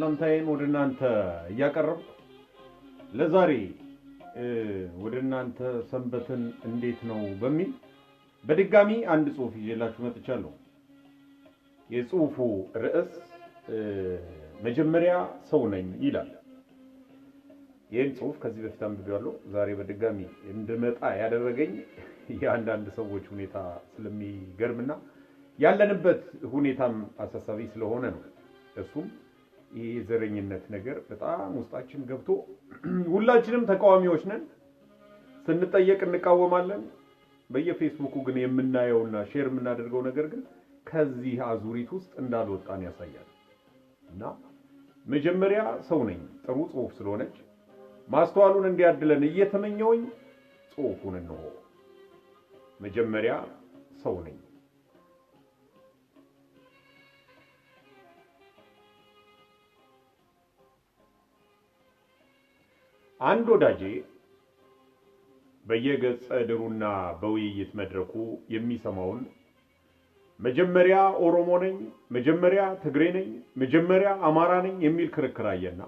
ሰላምታዬን ወደ እናንተ እያቀረብኩ ለዛሬ ወደ እናንተ ሰንበትን እንዴት ነው በሚል በድጋሚ አንድ ጽሁፍ ይዤላችሁ መጥቻለሁ። የጽሁፉ ርዕስ መጀመሪያ ሰው ነኝ ይላል። ይህን ጽሁፍ ከዚህ በፊት አንብቤዋለሁ። ዛሬ በድጋሚ እንድመጣ ያደረገኝ የአንዳንድ ሰዎች ሁኔታ ስለሚገርምና ያለንበት ሁኔታም አሳሳቢ ስለሆነ ነው። እሱም ይህ የዘረኝነት ነገር በጣም ውስጣችን ገብቶ ሁላችንም ተቃዋሚዎች ነን። ስንጠየቅ እንቃወማለን። በየፌስቡኩ ግን የምናየውና ሼር የምናደርገው ነገር ግን ከዚህ አዙሪት ውስጥ እንዳልወጣን ያሳያል። እና መጀመሪያ ሰው ነኝ ጥሩ ጽሁፍ ስለሆነች ማስተዋሉን እንዲያድለን እየተመኘውኝ ጽሁፉን እንሆ። መጀመሪያ ሰው ነኝ። አንድ ወዳጄ በየገጸ ድሩና በውይይት መድረኩ የሚሰማውን መጀመሪያ ኦሮሞ ነኝ፣ መጀመሪያ ትግሬ ነኝ፣ መጀመሪያ አማራ ነኝ የሚል ክርክር አየና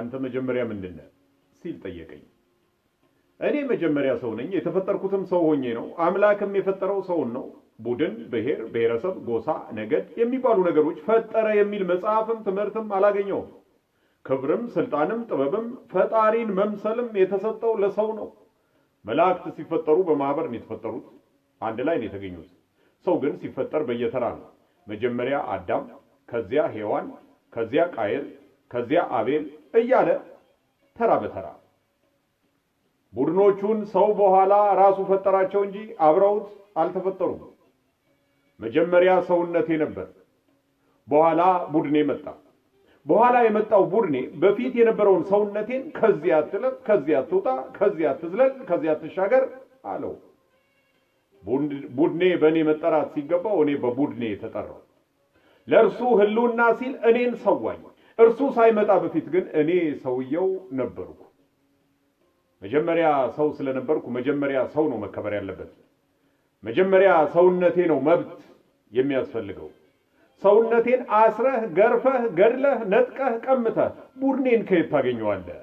አንተ መጀመሪያ ምንድን ነህ ሲል ጠየቀኝ። እኔ መጀመሪያ ሰው ነኝ። የተፈጠርኩትም ሰው ሆኜ ነው። አምላክም የፈጠረው ሰውን ነው። ቡድን፣ ብሔር፣ ብሔረሰብ፣ ጎሳ፣ ነገድ የሚባሉ ነገሮች ፈጠረ የሚል መጽሐፍም ትምህርትም አላገኘውም። ክብርም ስልጣንም ጥበብም ፈጣሪን መምሰልም የተሰጠው ለሰው ነው። መላእክት ሲፈጠሩ በማህበር ነው የተፈጠሩት፣ አንድ ላይ ነው የተገኙት። ሰው ግን ሲፈጠር በየተራ ነው። መጀመሪያ አዳም፣ ከዚያ ሔዋን፣ ከዚያ ቃየል፣ ከዚያ አቤል እያለ ተራ በተራ ቡድኖቹን ሰው በኋላ ራሱ ፈጠራቸው እንጂ አብረውት አልተፈጠሩም። መጀመሪያ ሰውነቴ ነበር፣ በኋላ ቡድኔ መጣ። በኋላ የመጣው ቡድኔ በፊት የነበረውን ሰውነቴን ከዚህ አትለፍ፣ ከዚህ አትውጣ፣ ከዚህ አትዝለል፣ ከዚህ አትሻገር አለው። ቡድኔ በእኔ መጠራት ሲገባው እኔ በቡድኔ የተጠራው ለእርሱ ህልውና ሲል እኔን ሰዋኝ። እርሱ ሳይመጣ በፊት ግን እኔ ሰውየው ነበርኩ። መጀመሪያ ሰው ስለነበርኩ መጀመሪያ ሰው ነው መከበር ያለበት። መጀመሪያ ሰውነቴ ነው መብት የሚያስፈልገው። ሰውነቴን አስረህ ገርፈህ ገድለህ ነጥቀህ ቀምተህ ቡድኔን ከየት ታገኘዋለህ?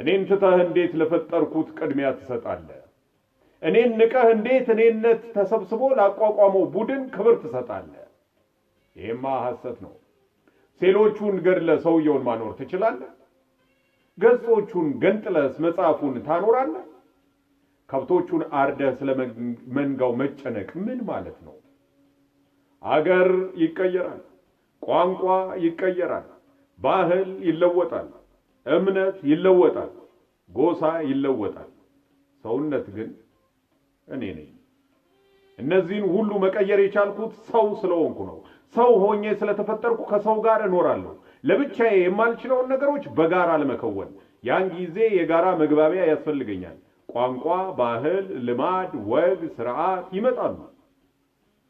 እኔን ትተህ እንዴት ለፈጠርኩት ቅድሚያ ትሰጣለህ? እኔን ንቀህ እንዴት እኔነት ተሰብስቦ ላቋቋመው ቡድን ክብር ትሰጣለህ? ይህማ ሐሰት ነው። ሴሎቹን ገድለ ሰውየውን ማኖር ትችላለህ? ገጾቹን ገንጥለስ መጽሐፉን ታኖራለህ? ከብቶቹን አርደህ ስለ መንጋው መጨነቅ ምን ማለት ነው? አገር ይቀየራል፣ ቋንቋ ይቀየራል፣ ባህል ይለወጣል፣ እምነት ይለወጣል፣ ጎሳ ይለወጣል። ሰውነት ግን እኔ ነኝ። እነዚህን ሁሉ መቀየር የቻልኩት ሰው ስለሆንኩ ነው። ሰው ሆኜ ስለተፈጠርኩ ከሰው ጋር እኖራለሁ። ለብቻዬ የማልችለውን ነገሮች በጋራ ለመከወን ያን ጊዜ የጋራ መግባቢያ ያስፈልገኛል። ቋንቋ፣ ባህል፣ ልማድ፣ ወግ፣ ስርዓት ይመጣሉ።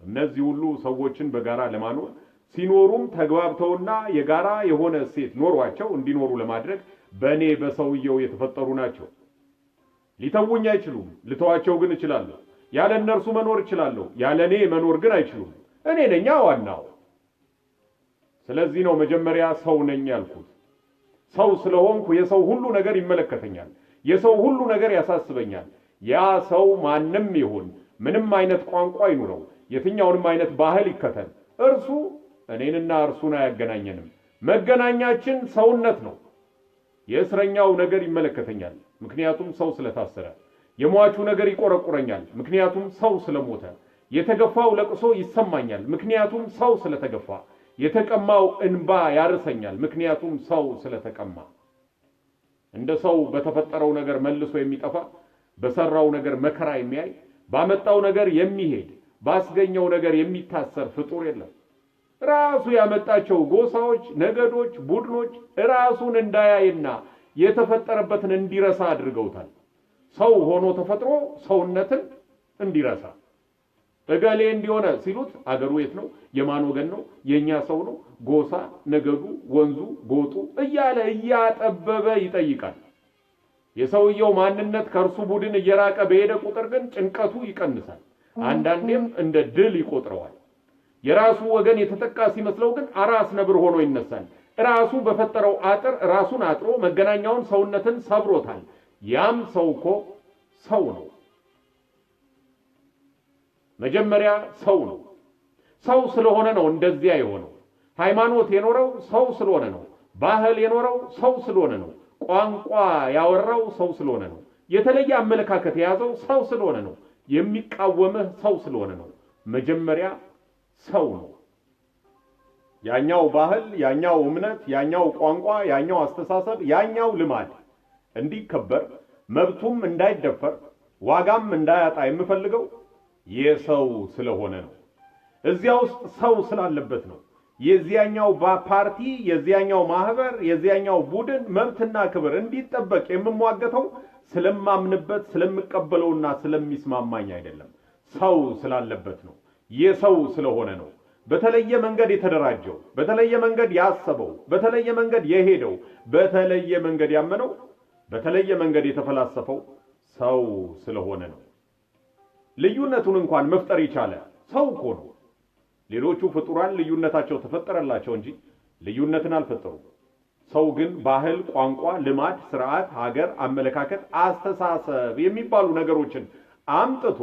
እነዚህ ሁሉ ሰዎችን በጋራ ለማኖር ሲኖሩም ተግባብተውና የጋራ የሆነ እሴት ኖሯቸው እንዲኖሩ ለማድረግ በእኔ በሰውየው የተፈጠሩ ናቸው። ሊተውኝ አይችሉም። ልተዋቸው ግን እችላለሁ። ያለ እነርሱ መኖር እችላለሁ። ያለ እኔ መኖር ግን አይችሉም። እኔ ነኛ ዋናው። ስለዚህ ነው መጀመሪያ ሰው ነኝ ያልኩት። ሰው ስለሆንኩ የሰው ሁሉ ነገር ይመለከተኛል። የሰው ሁሉ ነገር ያሳስበኛል። ያ ሰው ማንም ይሁን ምንም አይነት ቋንቋ ይኑረው፣ የትኛውንም አይነት ባህል ይከተል። እርሱ እኔንና እርሱን አያገናኘንም። መገናኛችን ሰውነት ነው። የእስረኛው ነገር ይመለከተኛል፣ ምክንያቱም ሰው ስለታሰረ። የሟቹ ነገር ይቆረቁረኛል፣ ምክንያቱም ሰው ስለሞተ። የተገፋው ለቅሶ ይሰማኛል፣ ምክንያቱም ሰው ስለተገፋ። የተቀማው እንባ ያርሰኛል፣ ምክንያቱም ሰው ስለተቀማ። እንደ ሰው በተፈጠረው ነገር መልሶ የሚጠፋ በሰራው ነገር መከራ የሚያይ ባመጣው ነገር የሚሄድ ባስገኘው ነገር የሚታሰር ፍጡር የለም። ራሱ ያመጣቸው ጎሳዎች፣ ነገዶች፣ ቡድኖች ራሱን እንዳያይና የተፈጠረበትን እንዲረሳ አድርገውታል። ሰው ሆኖ ተፈጥሮ ሰውነትን እንዲረሳ እገሌ እንዲሆነ ሲሉት አገሩ የት ነው? የማን ወገን ነው? የኛ ሰው ነው? ጎሳ፣ ነገዱ፣ ወንዙ፣ ጎጡ እያለ እያጠበበ ይጠይቃል። የሰውየው ማንነት ከእርሱ ቡድን እየራቀ በሄደ ቁጥር ግን ጭንቀቱ ይቀንሳል። አንዳንዴም እንደ ድል ይቆጥረዋል። የራሱ ወገን የተጠቃ ሲመስለው ግን አራስ ነብር ሆኖ ይነሳል። ራሱ በፈጠረው አጥር ራሱን አጥሮ መገናኛውን ሰውነትን ሰብሮታል። ያም ሰው እኮ ሰው ነው። መጀመሪያ ሰው ነው። ሰው ስለሆነ ነው እንደዚያ የሆነው። ሃይማኖት የኖረው ሰው ስለሆነ ነው። ባህል የኖረው ሰው ስለሆነ ነው። ቋንቋ ያወራው ሰው ስለሆነ ነው። የተለየ አመለካከት የያዘው ሰው ስለሆነ ነው። የሚቃወምህ ሰው ስለሆነ ነው። መጀመሪያ ሰው ነው። ያኛው ባህል፣ ያኛው እምነት፣ ያኛው ቋንቋ፣ ያኛው አስተሳሰብ፣ ያኛው ልማድ እንዲከበር መብቱም እንዳይደፈር ዋጋም እንዳያጣ የምፈልገው የሰው ስለሆነ ነው። እዚያ ውስጥ ሰው ስላለበት ነው። የዚያኛው ፓርቲ የዚያኛው ማህበር የዚያኛው ቡድን መብትና ክብር እንዲጠበቅ የምሟገተው ስለማምንበት ስለምቀበለውና ስለሚስማማኝ አይደለም፣ ሰው ስላለበት ነው። የሰው ስለሆነ ነው። በተለየ መንገድ የተደራጀው፣ በተለየ መንገድ ያሰበው፣ በተለየ መንገድ የሄደው፣ በተለየ መንገድ ያመነው፣ በተለየ መንገድ የተፈላሰፈው ሰው ስለሆነ ነው። ልዩነቱን እንኳን መፍጠር የቻለ ሰው እኮ ነው። ሌሎቹ ፍጡራን ልዩነታቸው ተፈጠረላቸው እንጂ ልዩነትን አልፈጠሩም። ሰው ግን ባህል፣ ቋንቋ፣ ልማድ፣ ስርዓት፣ ሀገር፣ አመለካከት፣ አስተሳሰብ የሚባሉ ነገሮችን አምጥቶ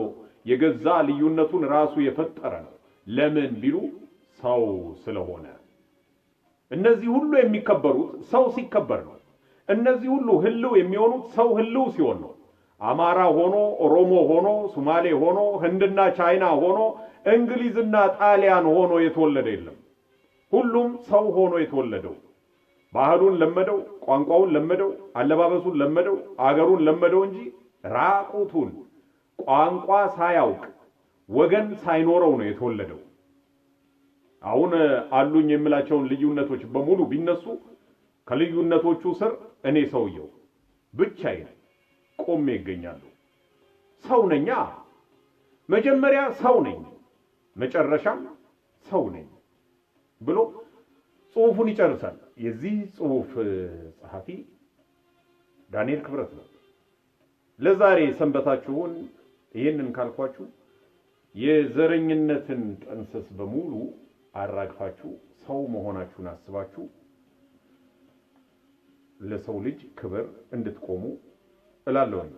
የገዛ ልዩነቱን ራሱ የፈጠረ ነው። ለምን ቢሉ ሰው ስለሆነ። እነዚህ ሁሉ የሚከበሩት ሰው ሲከበር ነው። እነዚህ ሁሉ ህልው የሚሆኑት ሰው ህልው ሲሆን ነው። አማራ ሆኖ ኦሮሞ ሆኖ ሱማሌ ሆኖ ህንድና ቻይና ሆኖ እንግሊዝና ጣሊያን ሆኖ የተወለደ የለም። ሁሉም ሰው ሆኖ የተወለደው ባህሉን ለመደው፣ ቋንቋውን ለመደው፣ አለባበሱን ለመደው፣ አገሩን ለመደው እንጂ ራቁቱን ቋንቋ ሳያውቅ ወገን ሳይኖረው ነው የተወለደው። አሁን አሉኝ የምላቸውን ልዩነቶች በሙሉ ቢነሱ ከልዩነቶቹ ስር እኔ ሰውየው ብቻዬን ቆሜ ይገኛሉ። ሰው ነኛ። መጀመሪያ ሰው ነኝ፣ መጨረሻም ሰው ነኝ ብሎ ጽሁፉን ይጨርሳል። የዚህ ጽሁፍ ጸሐፊ ዳንኤል ክብረት ነው። ለዛሬ ሰንበታችሁን ይህንን ካልኳችሁ የዘረኝነትን ጠንሰስ በሙሉ አራግፋችሁ ሰው መሆናችሁን አስባችሁ ለሰው ልጅ ክብር እንድትቆሙ እላለሁኝ።